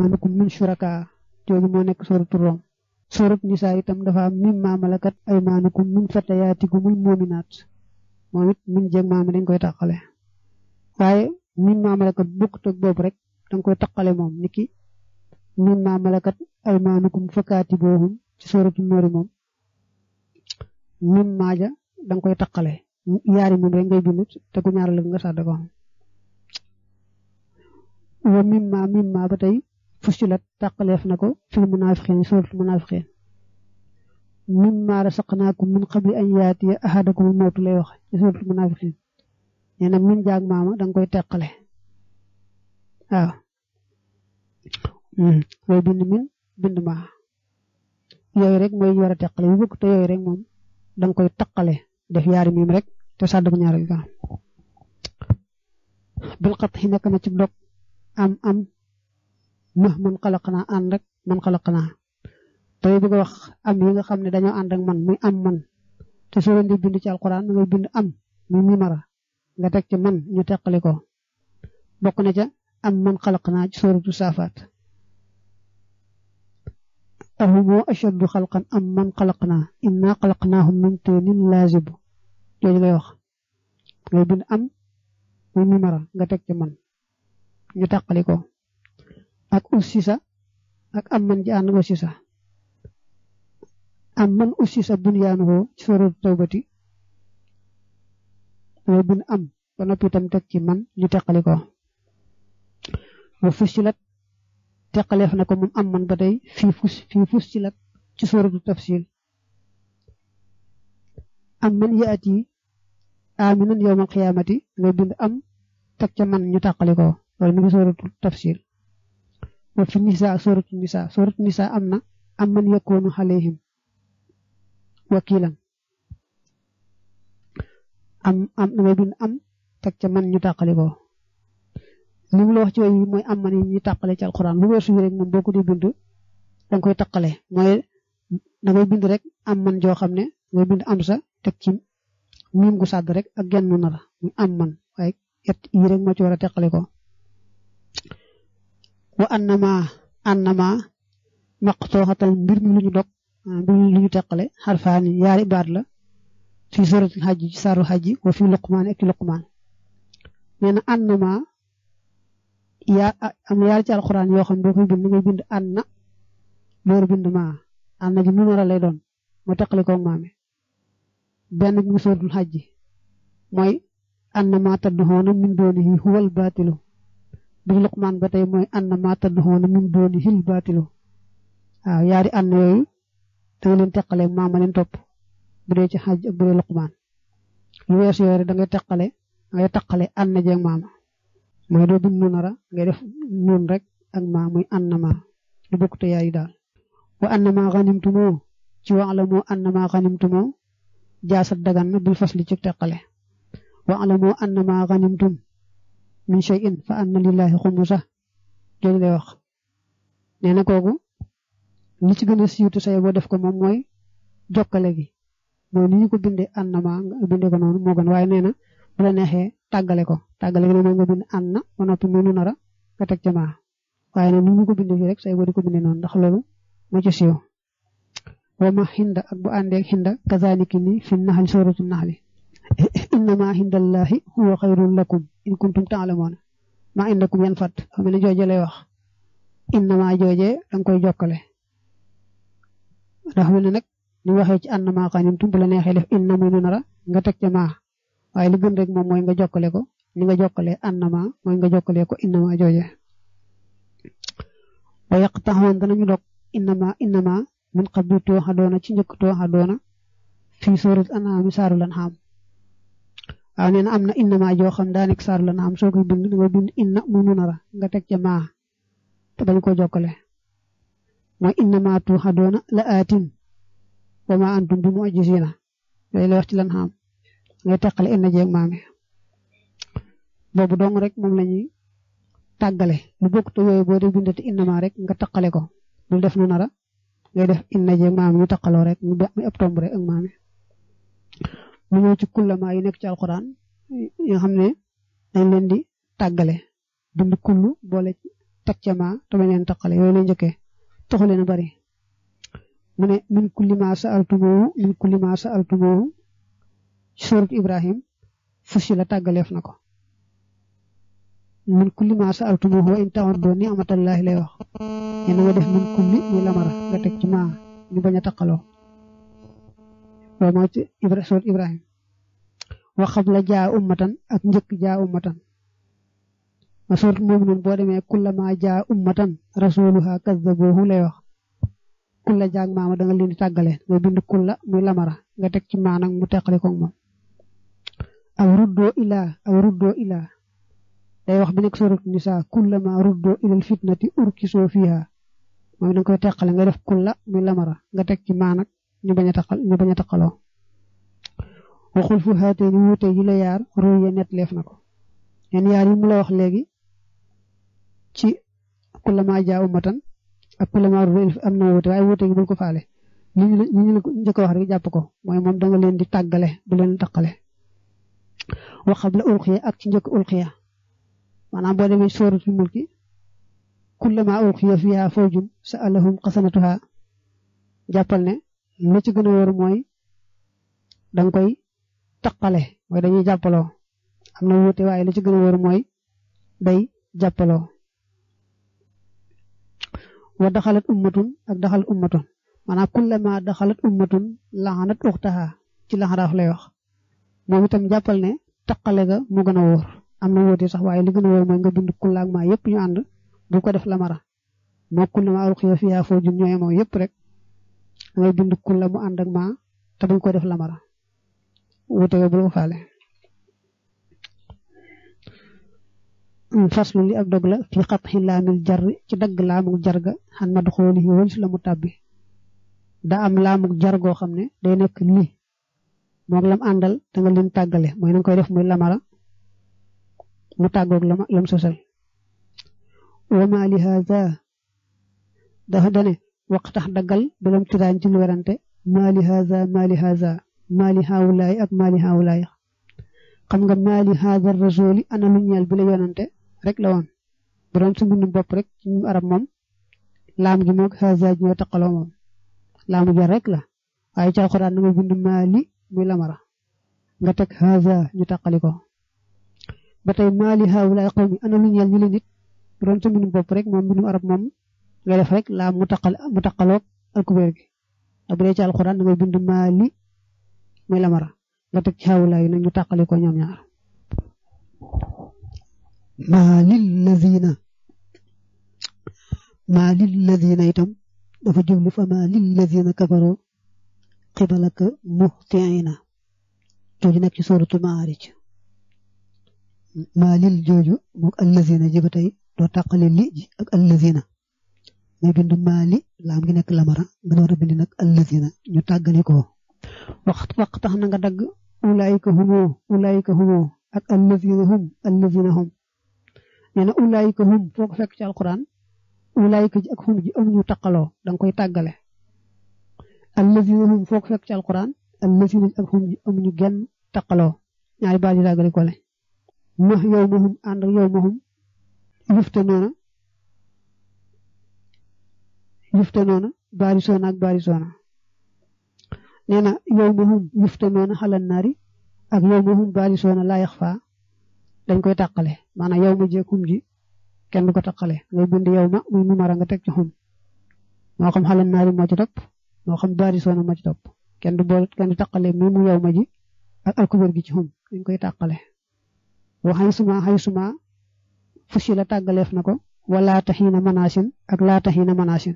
maanakum min shuraka jooju moo nekk sóoratu Room sóoratu Nisaa itam dafa am mim maamalakat ay maanakum min fatayaatikumul muminaat moom it min jeeg maama dañ koy tàqale waaye min maamalakat bokkut ak boobu rek dañ koy tàqale moom niki min maamalakat ay maanakum fakaatibuhum ci sóoratu Nuuri moom mim maaja danga koy taqale yaari moom rek ngay bindut te ku ñaarale nga sàdd ko wa mim ma mim ma ba fusilat takalef nako fil munafiqin suratul munafiqin mimma rasaqnakum min qabli an yati ahadakum al-maut lay wax suratul munafiqin neena min jang mama dang koy takale wa hmm way bind min bind ma yoy rek moy wara takale bu ko yoy rek mom dang koy takale def yari mim rek te saddu ñaaral bil qat'i nek na ci am am lu man xalaqna and ak man xalaqna tay bëgg wax am yi nga xamne dañu and ak man muy am man te so di bind ci alquran da bind am muy mara nga tek ci man ñu Amman ko bokku na ca am man xalaqna ci suratu safat ahumu khalqan am man khalaqna inna khalaqnahum min tunin lazib lolu lay wax ngay bind am muy mara nga tek ci man ñu ak usisa ak amman ji an usisa amman usisa ho ci soro tawbati mo bin am ba nopi tam tek ci man ñu tekkali ko wa fusilat tekkaleef nako mum amman batay fi fus fi fusilat ci sura tafsil amman yaati aminan yawmal qiyamati lo bind am tak ca man ñu takaliko lolou mi soro tafsil wa fi nisa suratu nisa suratu nisa amna amman yakunu halihim wakilan am am da ngay am tak ca man ñu takale ko lim la wax ci yoy moy am man ñu takale ci alquran lu wessu rek mom boko di bind dang koy takale moy da ngay bind rek am man jo xamne ngay bind am sa tek ci mim gu sad rek ak na la am man way yi rek mo ci wara takale ko wa annama annama maqtuxatan mbir mi lu ñu dog ah, mbir mi lu ñu teqale xarfaani yaari baat la fi suratul xaj ci xaj wa fi luqmaan ak ci luqmaan nee na annama yaa am yaari ci alxuraan yoo xam ne boo koy bind ngay bind anna door bind maa anna ji numéro lay doon ma teqale ko maami benn mu suratul xaj mooy annama tadduxoona min doonihi huwal baatilu bi luqman batay moy an anna ma tadhuna min duni hil baatilu waaw yaari an yoy da ngeen tekkale ma ma len top bu de ci hajj bu dee luqman yu wess yoy da ngay teqale da an je ak mama moy do bu nu nara ngay def nun rek ak ma moy anna ma lu bokku te yaayu dal wa anna ma ghanimtumu ci waalamu anna ma ghanimtumu jaasat dagan na bu fasli ci teqale anna ma ghanimtumu min shay'in fa anna lillahi xumusa loolu lay wax nee na kooku li ci gën a siiwtu say boo def ko moom mooy jokkale gi mooy ni ko bindee annama nga bindee ko noonu moo gën waaye nee na bu la neexee tàggale ko tàggale gi mooy nga bind anna ba noppi noonu nara nga teg ca maa waaye nag ni ñu ko bindee fii rek say boo di ko bindee noonu ndax loolu moo ci siiw wama xinda ak bu àndee ak xinda kazaalika ni fi naxli suuratu naxli innama xindallahi huwa xayrun in kuntum taalamoon maa indakum yan fat xam ne jooje lay wax innama jooje da nga koy jokkale ndax mu ni nag ñu waxee ci annama xanimtum bu la neexee def inna muy nu nara nga teg ca maa waaye li gën rek moom mooy nga jokkale ko ni nga ana annama mooy nga jokkale ko innama jooje ba yàq taxawoon danañu dog innama innama min qabli tooxa doona ci njëkk tooxa doona fii sóorat anaami saaru lan xaam waaw nee na am na inna maa joo xam daa nekk saar la na soo koy bind nga mu nu nara nga teg ca maa te bañ koo jokkale mooy inna maa tuuxadoona la aatin wa maa antum bi mu'jizina yooyu la wax ci lan xam ngay teqale inna jeeg maa boobu dong rek moom la ñuy tàggale lu bokk te yooyu boo dee bindati rek nga taqale ko bul def nu nara ngay def inna jeeg maa mi ñu taqaloo rek mu tomb rek ak maa mu ñëw ci nekk ci alxuraan yoo xam ne dañ leen di tàggale bind kullu boole teg ca maa leen taqale yooyu lay njëkkee taxu leen a bari mu ne min kulli maa sa altumoohu min Ibrahim fus la tàggaleef na ko min kulli maa sa altumoohu wa in ta'uddu ni'matallahi lay wax yéen nga def min kulli muy lamara nga teg loolu mooy ci ibra soot ibrahim wa qabla jaa ummatan ak njëkk jaa ummatan ma soot muminun boo demee kullama jaa ummatan rasuluha kazzabuhu lay wax kulla jaag maama da nga leen di tàggale nga bind kulla muy lamara nga teg ci maanag mu teqale ko moom aw ruddoo ilaa aw ruddoo ilaa day wax bi nekk soorut nisaa kullama ruddoo ilal fitnati urkisoo fiha moom da nga koy teqale nga def kulla muy lamara nga teg ci maanag ñu bañ a waxul fu xaatee ni wuute yi la yaar ruy ya net leef na ko leen yaar yi mu la wax léegi ci kullama jaa ummatan ak kullama ruy am na wuute waaye wuute gi bul ko faale li ñu li ñu njëkk wax rek jàpp ko mooy moom da leen di tàggale du leen taqale waxab la ulqiya ak ci njëkk ulqiya maanaam boo demee sóoratul mulki kullama ulqiya fiha fawjun sa'alahum xasanatuha jàppal ne lu ci gën mooy danga koy taqale mooy dañuy jàppaloo am na wuute waaye lu ci gën a wóor mooy day jàppaloo wa daxalat ummatun ak daxal ummatun maanaam kullama daxalat ummatun laxanat uxtaha ci laxaraaf lay wax moom itam jàppal ne taqale ga mu gën a am na wuute sax waaye li gën a wóor mooy nga bind kullaak maa yëpp ñu ànd bu ko def lamara moo kullama alxiya fiha fawjun ñooyemoo yëpp rek ngay bind kun la mu ànd ak ma te buñ ko def lamara wuté bu lu ko faale faslu li ak dogla la fi xatxi laamil jar ci dag jar ga han ma doxooli yoon la mu da am laamuk jar go xam day nek li mo lam andal da nga lim tàggale moy nang koy def lamara mu lam lam sosal wa ma li dane waqtax dagal dagam ci daan ci werante mali hadha mali hadha mali haulay ak mali haulay xam nga mali hadha rasuli ana lu ñal bi la yonante rek la won bu doon suñu nu bop rek ci arab mom lam gi mok hadha ñu taxalo mom lam gi rek la ay ci alquran nga bind mali muy lamara nga tek hadha ñu taxaliko batay mali haulay qawmi ana lu ñal ñu le nit bu doon suñu nu bop rek mom binu arab mom nga def rek laam mu taqal mu taqaloog alkubeer gi bu dee ci alxuraan da ngay bind maali muy lamara nga teg ci xawla yi nag ñu taqale ko ñoom ñaar maalil lazina maalil lazina itam dafa jublu fa maalil lazina kafaroo qibalaka muhtiina jooju nekk ci suuratu maarij maalil jooju moog allazina ji ba tey doo taqale li ji ak allazina ngay bind maali laam gi nekk lamara nga door a bind nag allazina ñu tàggale ko na nga dagg ulaayika humoo ulaayika humoo ak allazina ko fekk ci alquran ulaayika ji ak hum ji am ñu taqaloo da nga koy tàggale allazina hum foo ko fekk ci alquran allazina ji ak hum ji am ñu genn taqaloo ñaari baal di tàggale ko le max yow ma hum ànd ak yuftanoona baarisoona ak baarisoona nee na yow ma hum yuftanoona ak yow ma hum fa laa yax faa dañ koy tàqale maanaam yow ma jeeg hum ji kenn du ko tàqale ngay bind yow nga teg ci hum moo xam xalan naari moo ci topp moo xam baarisoona moo ci topp kenn kenn du tàqale muy mu yow ma ji ak alkubar gi ci hum dañ koy tàqale waxay suma xay suma fusi na ko wa laa taxiina manaasin ak laa taxiina manaasin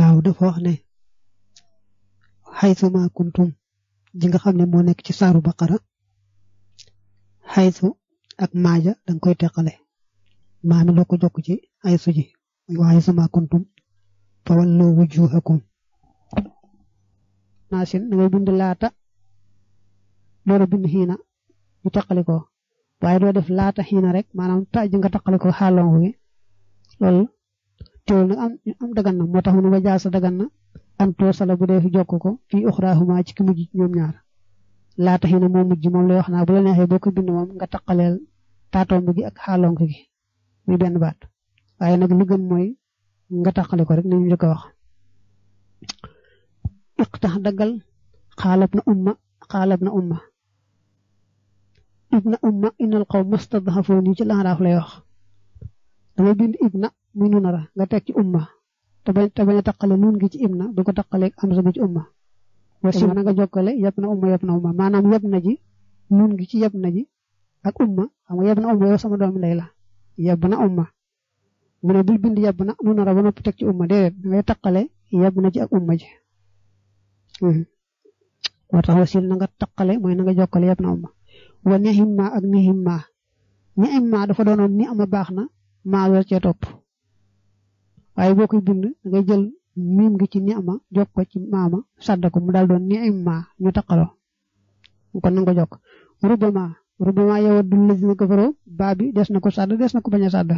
waaw dafa wax ne xaytu ma kuntum ji nga xam ne moo nekk ci saaru baqara xaytu ak maaja danga koy teqale maami loo ko jokk ci ay suji wa xaytu ma kuntum fa walloo wujuhakum naasin da ngay bind laata door a bind xiina ñu taqali ko waaye doo def laata xiina rek maanaam ta ji nga taqali ko xaalongu gi teewul nag am am dagan na moo tax mu ne wajaasa dagan na an toosala bu dee jokk ko fii uxraahumaa ci ki mujj ñoom ñaar laata xëy na moo mujj moom lay wax naa bu la neexee boo ko bind moom nga taqaleel taatomb gi ak xaalonk gi muy benn baat waaye nag lu mooy nga taqale ko rek ni ñu ko wax. iqtax daggal xaalab na umma xaalab na umma ibna umma innal qawma stadhafuuni ci laaraaf lay wax dama bind ibna minu nara nga tek ci umma te bañ te bañ a nun gi ci imna du ko taqaleeg amsa bi ci umma wasim na nga jokale umma yab na umma manam yab na ji nun gi ci yab ji ak umma xam nga yab umma yo sama doom lay la umma mu ne bul bind yab na nu nara ba ci umma de ngay takale yab ji ak umma ji wa hmm. tax wasil na nga takale moy na nga jokale yab umma wa nihimma ak nihimma nihimma dafa doonoon ni ama baxna ma wer waaye boo koy bind nga jël miim gi ci ni'ma jox ko ci maama sadda ko mu dal doon ni'ma ñu taqaloo kon na nga ko jokk rubama rubama yawaddu lazina kafaru baa bi des na ko sadda des na ko bañ a sadda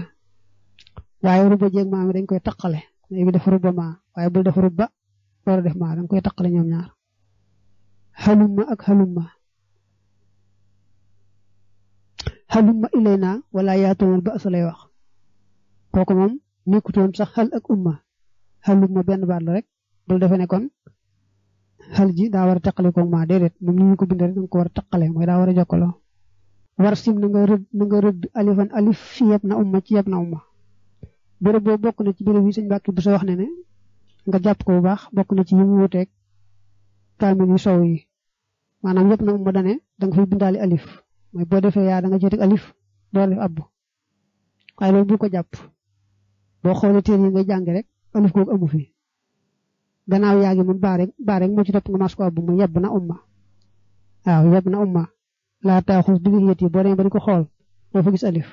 waaye ruba jeeg maama dañ koy taqale day bi def rubama waaye bul def ruba war def maa dañ koy taqale ñoom ñaar halumma ak halumma halumma ilayna wala yaatul ba'sa lay wax kooku moom nekkutoon sax xal ak umma xaluma benn baat la rek bul defe ne kon xal ji daa war a taqale ko ma déedéet moom ni ñu ko bindee rek da nga ko war a taqale mooy daa war a war sim na nga rëdd na nga rëdd alifan alif fi yeb na umma ci yeb na umma bërëb boo bokk na ci bërëb yi sëñ Mbàkke bu sa wax ne ne nga jàpp ko bu baax bokk na ci yi mu wuteeg kaamil yi sow yi maanaam yëpp na umma dane da nga fay bindaale alif mooy boo defee yaa da nga cee alif doo def abbu waaye loolu bu ko jàpp boo xoolee téere yi ngay jàng rek alif googu amu fi gannaaw yaa ngi mun baare baare moo ci topp nga mas ko ab mu yeb na umma waaw yeb na umma laa taaxus bi yet yi boo demee ba di ko xool doo fa gis alif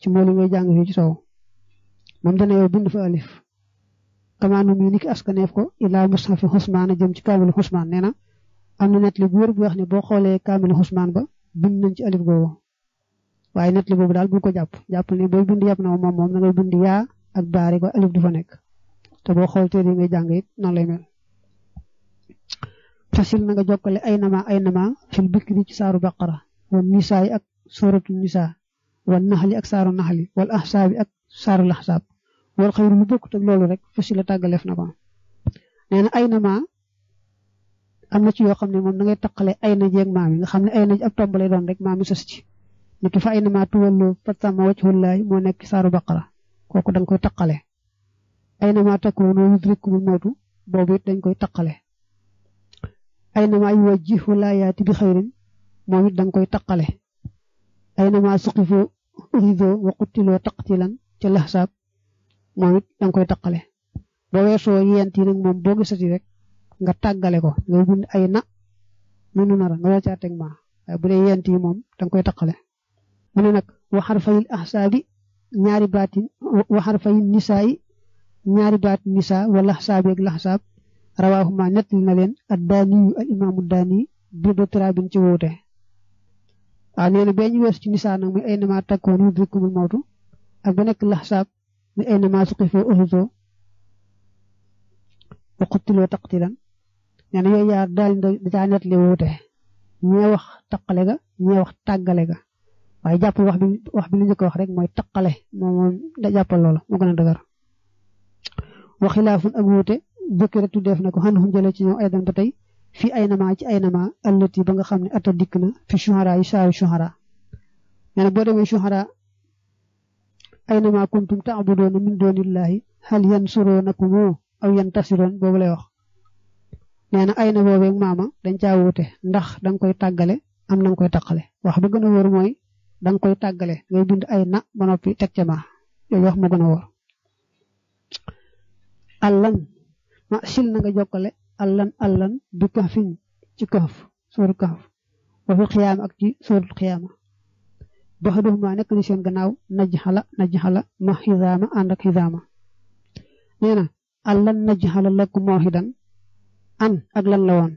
ci moo li ngay jàng fii ci soow moom dana yow bind fa alif kamaanu mii ni ki askaneef ko ilaa mushafi xusmaan jëm ci kaamilu xusmaan nee na am na nettali bu wér bu wax ne boo xoolee kaamilu xusmaan ba bind nañ ci alif googu waaye nettali boobu ko jàpp jàpp ak baari ba alif di fa nekk te boo xool téere yi ngay jàng it noonu lay mel fasil na nga jokkale ay nama ay nama fil bikri ci saaru baqara wan nisaa yi ak sóoratu nisaa wan naxli ak saaru naxli wal axsaabi ak saaru laxsaab wal xayru lu bokkut te loolu rek fasila tàggaleef na ko nee na ay nama am na ci yoo xam ne moom da ngay taqale ay na jeeg maam yi nga xam ne ay na ji ab tomb lay doon rek maam yi sës ci niki fa ay nama tuwallu fa tàmma wajhullaay moo nekk saaru baqara kooku da koy taqale ay nama takunu yudrikumul mawtu boobu it dañ koy taqale ay nama yuwajjihu laayaati bi xayrin moom dang koy taqale ay nama suqifoo ridoo wa qutiloo taqtilan ca laxsaab moom it da nga koy taqale ba weesoo yent yi nag moom boo gisati rek nga taggale ko nga bind ay na nunu nara nga war caa ma waaye bu dee yent yi moom da koy taqale mu ne nag wa xarfayil ahsaabi ñaari baati waxar fay nisaay ñaari baati nisaa wa laxsaabeeg laxsaab rawaahuma nettali na leen ak daaniyu al imaamu bi do ci wuute waaw nee bee ñu weesu ci nisaa nag muy ay namaa takkoon yu dikkumul mawtu ak ba nekk laxsaab muy ay namaa suqifoo uxusoo wa qutiloo taqtilan nee na yooyu yaar daal da caa nettali wuute ñee wax taqale ga ñee wax tàggale ga waaye jàppul wax bi wax bi ñu njëkk wax rek mooy taqale moom moom da jàppal loola moo gën a dëgër wa xilaafun ak wuute jëkki rek tuddeef na ko xan xum ci ay dan fii ay namaa ci ay namaa allati ba nga xam ne ata dikk na fi shuhara yi saaru shuhara nee na boo demee shuhara ay namaa kuntum taabudoona min doonillaahi hal yansuroonakum aw yantasiroon boobu lay wax nee na ay na boobee maama dañ caa wuute ndax danga koy tàggale am na nga koy taqale wax bi gën a wóor mooy da koy tàggale ngay bind ay na ba noppi teg ca ma yooyu wax mu gën a wóor allan ma sil na nga jokkale allan allan bi kahfin ci kahf sóoru kahf wa fi xiyaama ak ci sóoru xiyaama ba xaduxumaa nekk ni seen gannaaw naj xala naj xala ma xisaama ànd ak xisaama nee na allan naj xala lakku moo xidan an ak lan la woon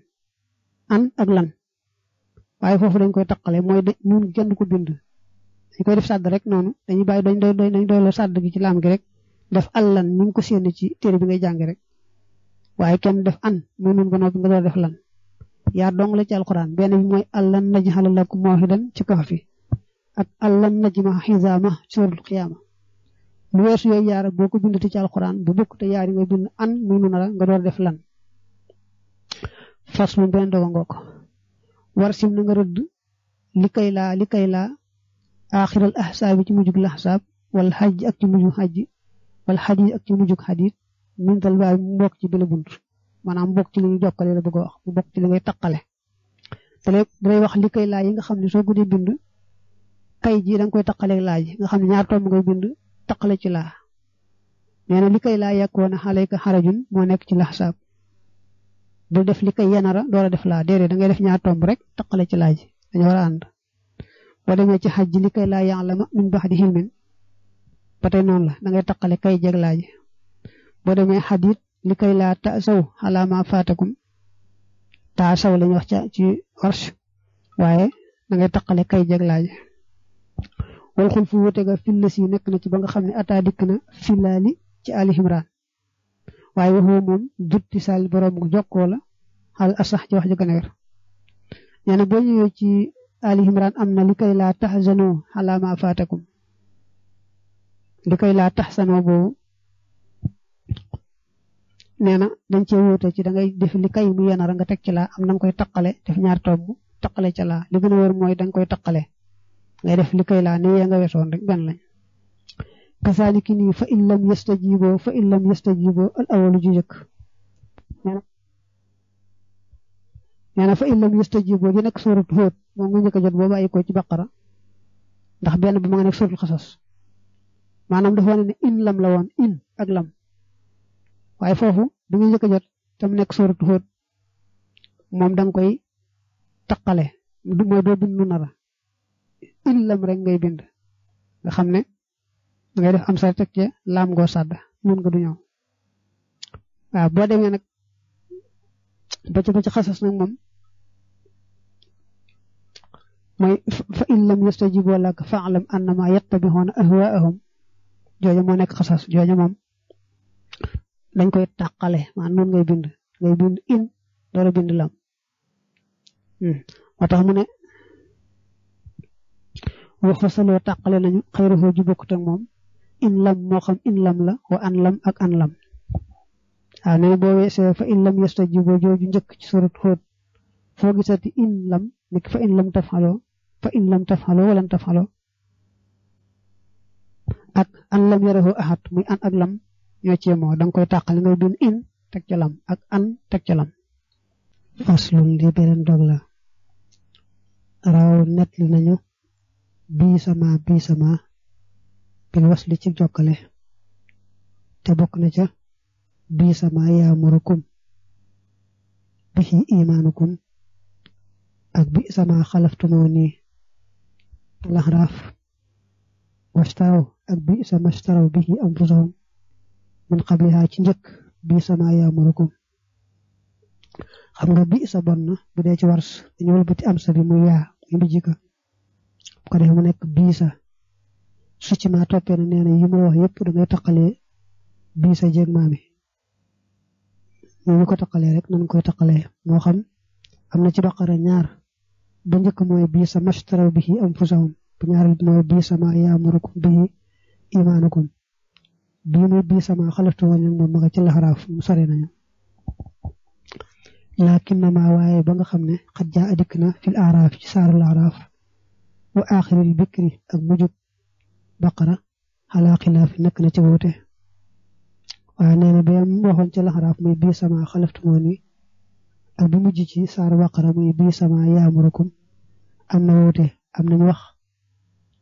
an ak lan waaye foofu dañ koy taqale mooy de ñun kenn ko bind dañ koy def sàdd rek noonu dañuy bàyyi dañ doy dañ doy la sàdd gi ci laam gi rek def allan nu mu ko séen ci téere bi ngay jàng rek waaye kenn def an muy nun ba noppi nga def lan yaa dong la ci alxuraan benn bi mooy allan naj'ala lakum maw'idan ci kafa fi ak allan najma xizaama ci suuratul xiyaama lu weesu yooyu yaar boo ko bindati ci alxuraan bu bokk te yaari nga bind an muy nun la nga doon def lan fas mu benn dogo war sim nga rëdd li kay akhir al ahsab ci mujug ahsab wal hajj ak ci mujug hajj wal hadith ak ci mujug hadith min dal bay mbok ci bele buntu manam mbok ci li ñu jokkale la bëgg wax mbok ci li ngay takale dalay dalay wax likay kay laaj nga xamni so gude bind kay ji dang koy takale ak laaj nga xamni ñaar tom ngay bind takale ci la neena li la yakuna halayka harajun mo nek ci lahsab bu def likay yanara do la def la dere da ngay def ñaar tom rek takale ci laaj dañu wara and ba demee ci xaj li kay laa yaalama min bahdi hilmin patay non la da ngay takale kay laaj bo demee hadid li kay la ta'saw ala ma fatakum ta'saw lañ wax ci orsh waye da ngay takale kay laaj wal khulfu wote ga fil nasi nek na ci ba nga xamni ata dik na filali ci ali imran waye dutti sal borom la hal asah ci wax ju ñene bo ñu ci ali imran am na li kay laa taxsanoo ala ma faatakum li kay laa boobu nee na dañ cee ci da ngay def li kay bu yenar nga teg ci laa am na koy taqale def ñaar togg taqale ca laa li gën a mooy da koy taqale ngay def li kay laa ne yee nga wesoon rek benn fa in lam fa in lam al awalu ju jëkk nee fa in lam yastajiboo bi nag moom nga njëkk a jot boo bàyyi ci baqara ndax benn bi ma nga nekk suratul xasas dafa wane ne in lam la woon in ak lam waaye foofu bi nga njëkk jot tam nekk suratul xóot moom da koy taqale du mooy doo bind nu nara in lam rek bind nga xam ne ngay def am sa teg ca laam ngoo sàdd mun nga du ñëw waaw boo demee xasas nag mooy fa in lam yastajibu laka fa'lam annama yattabixuuna ahwaahum jooja moo nekk xasas jooja moom dañ koy tàqale maanaam noonu ngay bind ngay bind in door a bind lam hmm. moo tax mu ne wax fasaloo tàqale nañu xayruhu ju bokkut ak moom in lam moo xam in lam la wa an lam ak an lam waaw nee boo weesee fa in lam yastajibu jooju njëkk ci surat xóot foo gisati in lam nekk fa in lam tafaloo fa in lam tafalu wa lam tafalu ak an lam yarahu ahad muy an ak lam ñoo ci mo dang koy takal ngay bin in tek ci lam ak an tek ci lam faslun di benen dog la raw net li nañu bi sama bi sama bil wasli ci jokale te bok na ca bi sama ya murukum. bihi imanukum ak bi sama khalaftumuni al Raf, washtaraw ak bi sama ashtaraw bihi anfusahum min qabliha ci njëkk bi sama yaamurukum xam nga bi sa bon na bu dee ci am sa bi muy yaa ñu bi jika bu yang defee mu nekk bi sa su ci maa toppee na nee na ma wax yépp da ngay taqalee bi sa jéeg maami ñu ko taqalee rek nan ba njëkk mooy bii sa mashtaraw bihi anfusahum bu ñaareel bi mooy bii sama yaamurukum bihi imaanakum bii mooy bii sama xalaftu woon nag moom ma nga ci laxaraaf mu sore nañu laakin na maa waaye ba nga xam ne xat jaa adikk na fil aaraaf ci saarul aaraaf wa aaxiril bikri ak mujub baqara xalaa xilaaf nekk na ci wuute waaye nee na ba waxoon ci laxaraaf muy bii sama xalaftu woon ni ak bi mujj ci saar waqara muy bii sama yaamurukum am na wuute am nañu wax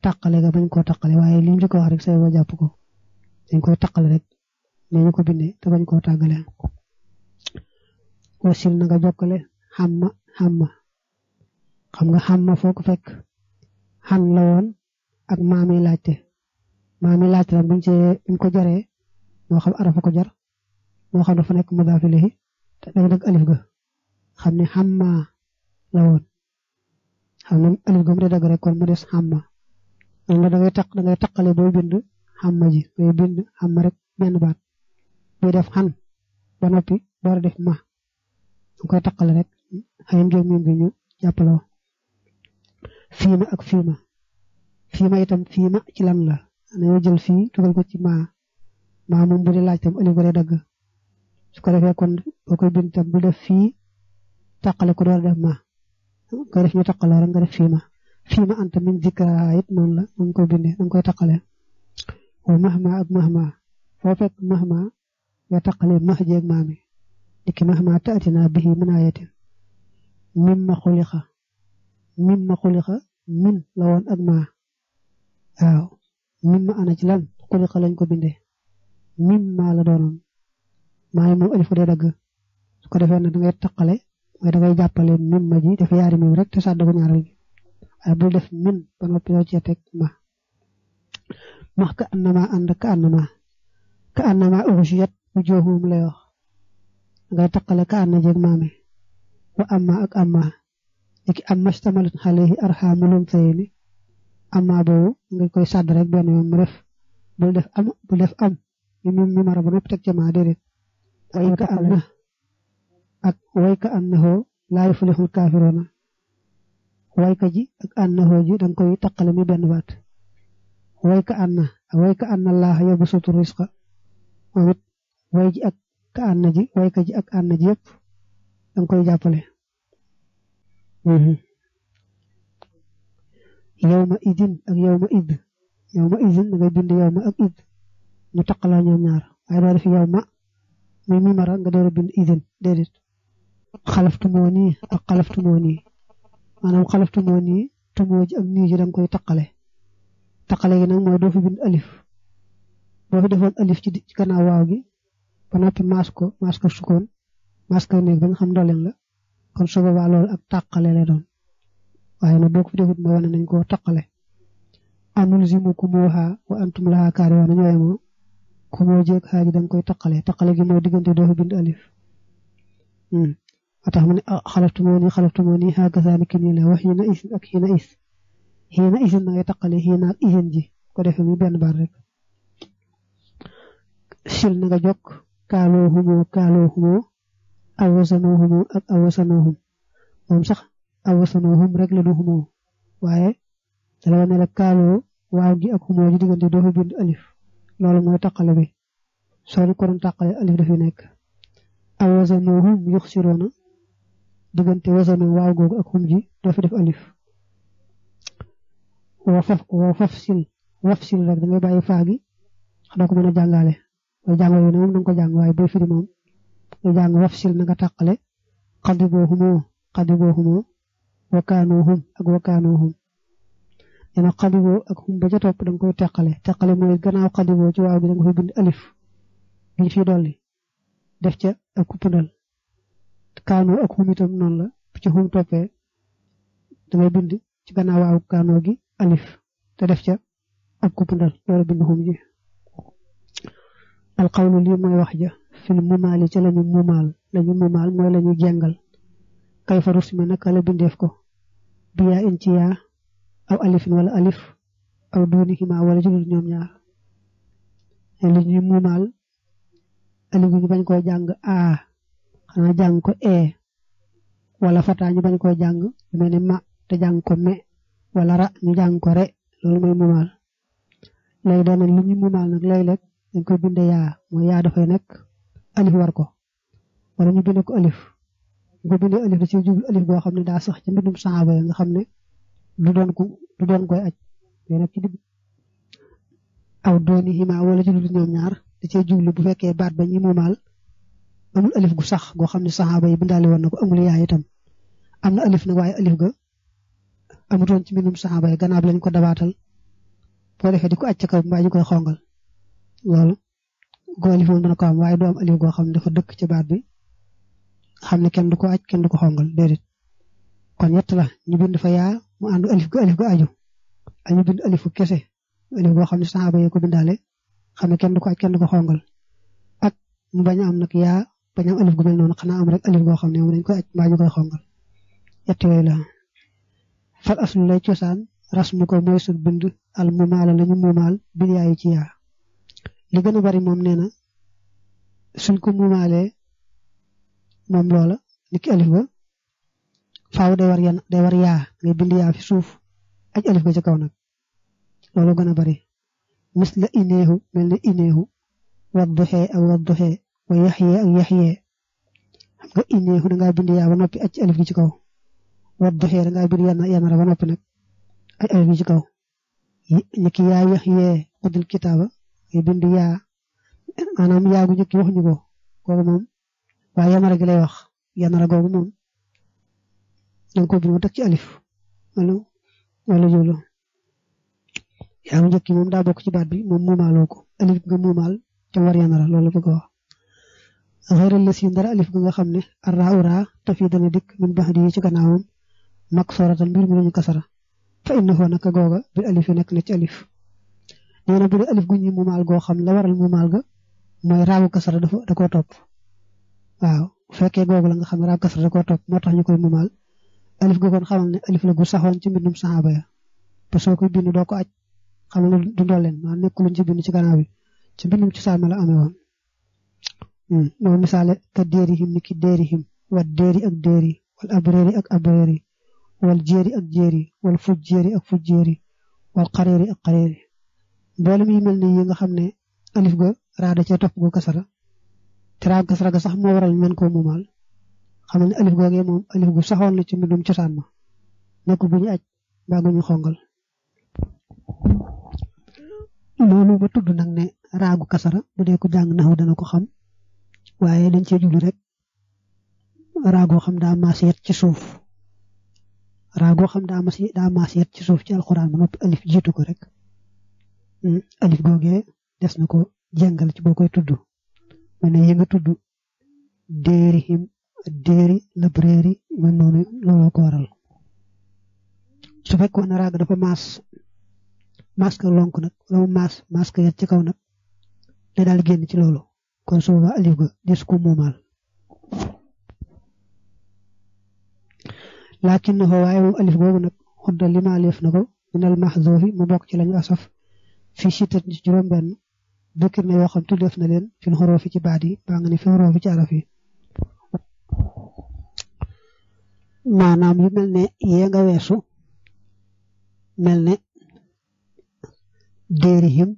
taqale ga bañ koo taqale waaye li ñu ko wax rek say wa ko dañ koy taqale rek mais ñu ko bindee te bañ koo tàggale wasil na nga jokkale xamma xamma xam nga xamma foo ko fekk xan la woon ak maami laajte maami laajte nag buñ cee buñ ko jaree moo xam arafa ko jar moo xam dafa nekk mudaafilehi te dag dag alif ga xamne ne xamma la won xamne ne anu alif gam day dagg rek kon mu xamma ñu anu da ngay tak da ngay takale boy bind xamma ji ngay bind xamma rek ben baat boy def xan ba nopi do def ma da koy takale rek ay ngeen ñu ñu jappalo fiima ak fiima fiima itam fiima ci lan la dañoo jël fi tugal ko ci ma ma moom bu dee laaj tam alif ko day dagg su ko defé kon bokoy bind tam bu def fi takale ko door def ma ko def ñu taqale rek nga def fima fima anta min zikra yit non la nang ko bindé nang ko taqale wa mahma ak mahma fo fek mahma ya taqale mahje ak mami dik mahma ta'tina bihi min ayatin mimma khuliqa mimma khuliqa min lawon ak ma min mimma ana ci lan khuliqa lañ ko bindé mimma la doon may mo alif de dag ko defé na da ngay nga da ngay jàppale mim ma ji def yaari mim rek te sàddagu ñaaral gi waaye bul def min ba noppi doo cee teg ma max ka annama ànd ka annama ka annama uxusiyat bu jooxum lay wax ngay taqale ka anna jeeg maame wa amma ak amma liki amma stamalat xalehi arxamulum sayni amma boobu nga koy sàdd rek benn yoon mu def bul def am bul def am mi mi mara ba noppi teg ca maa déedéet wa ka anna ak wayka annahu laa yuflihul kaafiruuna wayka ji ak annahu ji danga koy taqale mi benn baat wayka anna wayka anna laaha yabsutu risqa moom it way ji ak ka anna ji wayka ji ak ji yëpp danga koy jàppale mm-hmm. yawma idin ak yawma id yawma bind yawma ak id ñu taqalaa ñoom ñaar waaye doo def yawma muy mimara nga door a bind idin déedéet xalaftumoo nii ak xalaftumoo nii maanaam xalaftumoo nii tumoo ji ak nii ji da koy taqale taqale gi nag mooy doo fi bind alif boo fi defoon alif ci gannaaw waaw gi ba noppi maas ko maas ko sukkoon maas ko néeg ba nga xam dooleen la kon su boobaa loolu ak taqale lay doon waaye nag boo fi defut ma wane nañ koo taqale anul zimu kumuha wa antum laha kaarihuuna ñooy moo kumoo jeeg xaaji da koy taqale taqale gi mooy diggante doo fi bind alif hmm. أتهمني آه، خلفتموني خلفتموني هكذا لكن إلى وحي نئس أك نئس هي نئس ما يتقل هي نا إهنجي كده فمي بيان بارك شل نجاجك كالو همو كالو همو هم ومسخ أوسنو هم رجلو وعي سلوان لك وعوجي أك همو قد دوه بند ألف لولا ما يتقل بي سوري كورن تقل ألف دفينك أوزنوهم يخسرون diggante wasanu waaw googu ak xum ji doo fi def alif woo faf woo faf sil waf sil rek da ngay bàyyi faa ko mën a jàngale booy jàngale yow ne moom da nga ko jàng waaye booy firi moom nga waf sil na nga tàqale xadiboo xumoo xadiboo xumoo wakaanoo xum ak wakaanoo xum nee na xadiboo ak xum ba ca topp koy teqale teqale mooy gannaaw xadiboo ci waaw gi da nga koy bind alif gi fii dolli def ca ak kuppandal kanu ak hum itam non la ci hum topé da ngay bind ci gannaaw ak kanu gi alif te def ca ak ku bindal loolu bind hum ji alqawlu li mooy wax ja fil mumal ci lañu mumal lañu mumal moy lañu jengal kay fa rusma nak la bindef ko biya in ci ya aw alifin wala alif aw duunihima wala julul ñoom ñaar li ñuy mumal alif ñu bañ koo jàng xana jang ko e wala fata ñu bañ ko jang melni ma te jang ko me wala ra ñu jang ko re lolu moy mumal lay do lu ñu mumal nak lay lek dañ ko bindé ya mo ya da fay nek alif war ko wala ñu bindé ko alif bu bindé alif ci jubul alif bo xamne da sax ci mbindum sahaba ya nga xamne du doon ko du doon koy aj nak ci dig aw dooni hima wala ci lu ñoom ñaar da ci jubul bu fekke baat ba ñi mumal amul alif gu sax goo xam ne saxaaba yi bindaale woon na ko amul yaay itam am na alif nag waaye alif ga amutoon ci mbindum saxaaba yi gannaaw lañ ko dabaatal boo defee di ko àcc kaw mbaa ñu koy xongal loolu goo alif moom dana ko am waaye du am alif goo xam ne dafa dëkk ci baat bi xam ne kenn du ko àcc kenn du ko xongal déedéet kon la ñu bind mu ànd alif ga ak kese alif goo xam ne saxaaba ko bindaale xam ne kenn du ko kenn du ko xongal mu bañ am nag yaa bañ am alif gu mel noonu xanaa am rek alif goo xam ne moom dañ koy aj mbaa ñu koy xongal yett yooyu la fal aslu lay cosaan rasmu ko mooy sul bind al mumaala lañu mumaal bil yaayu ci yaa li gën a bari moom nee na suñ ko mumaalee moom loola niki alif ba faaw day war yan day war yaa ngay bind yaa fi suuf aj alif ba ci kaw nag loolu gën a bari mis la ineehu mel na ineehu wadduxee ak wadduxee wa yaxye ak yaxye xam nga inneeku da ngaa bind yaa ba noppi aj alif gi ci kaw wa doxee da ngaa bind yanara ba noppi nag aj alif gi yaa gu njëkk waxuñu ko kooku moom waaye yanara gi lay wax yanara googu moom da nga ko bind mu teg ci alif wala wala jolo yaa gu njëkk moom daa bokk ci baat bi moom muumaaloo ko alif nga muumaal te war yanara loolu la bëgg xëyral la siin dara alif xam ne arraa uraa tafi dana dikk min baax di ci gannaawam mag soratal mbir mi nañu kasara fa innahu naka googa bil nekk na ci alif nee na bu dee alif gu goo xam la waral mumaal ga mooy raagu kasara dafa da koo topp bu fekkee googu la nga xam ne raagu kasara koo topp moo tax ñu koy mumaal alif ga kon xamal ne alif la gu saxoon ci mbindum saxaaba ya te soo koy bind doo ko aj xamal ne du ndolleen maa nekkuluñ ci bind ci gannaaw bi ci mbindum ci saama la amee dama hmm. misaale ka déerihim ni ki déerihim wa déeri ak déeri wal abreeri ak abreeri wal jéeri ak jéeri wal fujjeeri ak fujjeeri wal xareeri ak xareeri mboolem yi mel ne yi nga xam ne alif ga raada ca topp gu kasara te raag kasara ga sax moo waral ñu mën koo muumaal xam ne alif googee moom alif gu saxoon na ci mbindum cosaan ma nekk bu ñu aj mbaa gu ñu xongal loolu ba tudd nag ne raagu kasara bu dee ko jàng naxu dana ko xam waaye dañ cee jublu rek raagoo xam daa maas yet ci suuf xam daa maas daa ci suuf ci alxuraan ba noppi alif jiitu ko rek hmm, alif googee des na ko jàngal ci boo koy tudd ma ne yi nga tudd déeri him déeri labréeri man noonu looloo ko waral su fekkoon ne raaga dafa maas maas ka lonk nag wala mu maas maas ka yet ci kaw nag day daal génn ci loolu kon sooba alif ga des ko moomal laakin ho way mo alif gogo nak xodda li ma alif nako ko minal mahzufi mo bok ci lañu asaf fi sitat ci juróom ben dekk na yo xam tu def na len fi xoroo fi ci badi ba nga ni fi xoroo fi ci arafi manam yu melne ye nga wessu melne derihim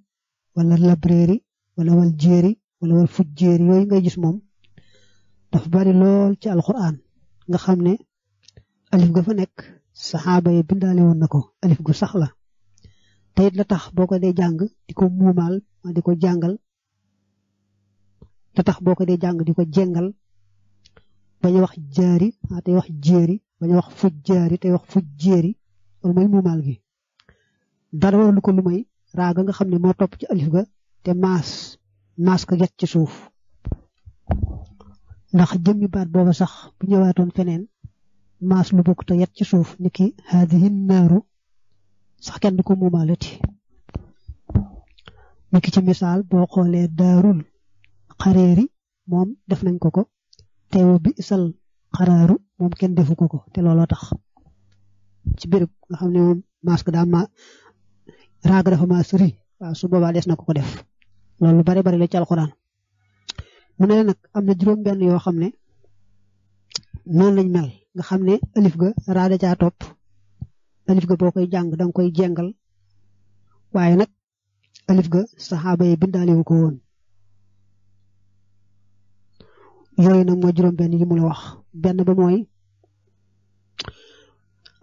wala labreeri wala wal jeri wala wal fujjeer yooyu ngay gis moom dafa bari lool ci alquran nga xam alif ga fa nekk saxaaba yi bindaale woon na alif gu sax la te la tax boo ko dee jàng di ko muumaal ma di ko jàngal la tax boo ko dee jàng di ko jengal bañ wax jaari ah, te wax jéeri bañ wax fujjaari te wax fujjeeri loolu mooy muumaal gi dara ko lu may raaga nga xam ne moo ci alif ga te maas naas ko yet ci suuf ndax jëmmi baat booba sax bu ñëwaatoon feneen maas lu bokk te yet ci suuf ni ki haadihi naaru sax kenn du ko muumaalati ni ki ci misaal boo xoolee daarul xareeri moom def nañ ko ko teewu bi isal xaraaru moom kenn defu ko ko te looloo tax ci béréb nga xam ne moom ma raaga dafa maas ri waaw su des na koko def loolu lu bari bari la ci alxuraan mu ne nag am na juróom-benn yoo xam ne noonu lañ mel nga xam ne alif ga raada caa topp alif ga boo koy jàng danga koy jengal waaye nag alif ga saxaaba yi bindaale wu ko woon yooyu nag mu la wax benn ba mooy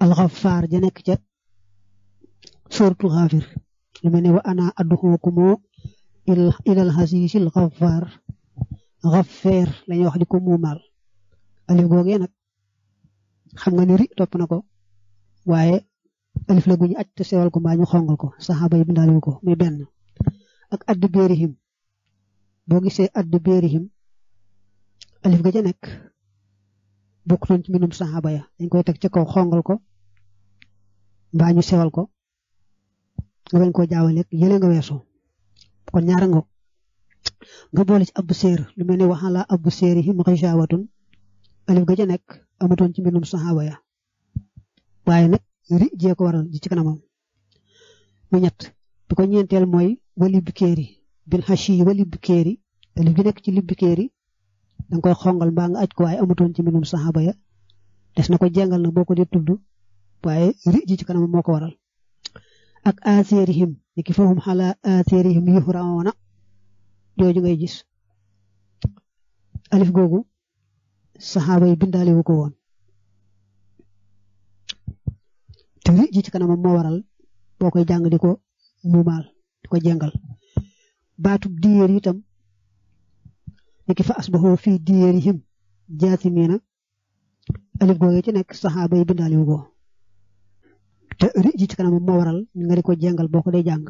alxafaar ja nekk ca sóortu xaafir lu mel ne ilal xasiisil xafaar xafeer la ñuy wax di ko muumaal alif googee nag xam nga ni ri topp na ko waaye alif la guñu aj te sewal ko mbaa ñu xongal ko saxaaba yi bindaale ko muy benn ak addu beerihim boo gisee addu beerihim alif ga ca nekk bokk nañ ci mbindum saxaaba ya dañ koy teg ci kaw xongal ko mbaa sewal ko nga bañ koo jaawale yële nga weesu kon ñaara nga nga boole ci bu séer lu mel ne waxala bu seer yi ma koy jaawatun alif ga ca nekk amatoon ci mbindum saxaaba ya waaye nag ri jee ko waral ji ci kanamam ñett bi ko ñeenteel mooy wali bikeeri bil xashi yi wali bikeeri alif gi nekk ci li bikeeri danga koy xongal mbaa nga aj ko waaye amatoon ci mbindum saxaaba ya des na ko jengal na boo ko dee tudd waaye ri ji ci moo ko waral ak aseerihim ni ki fahum ala atharihim ah, yuhrauna jooju ngay gis alif googu saxaaba yi bindaale wu ko woon te ji ci kanamam moo waral boo koy jàng di ko muumaal di ko jàngal baatub diyeer itam ni ki fa asbahu fi alif googu ci nekk saxaaba yi bindaale te rëy ji ci kanamam moo waral nga di ko jàngal boo ko dee jàng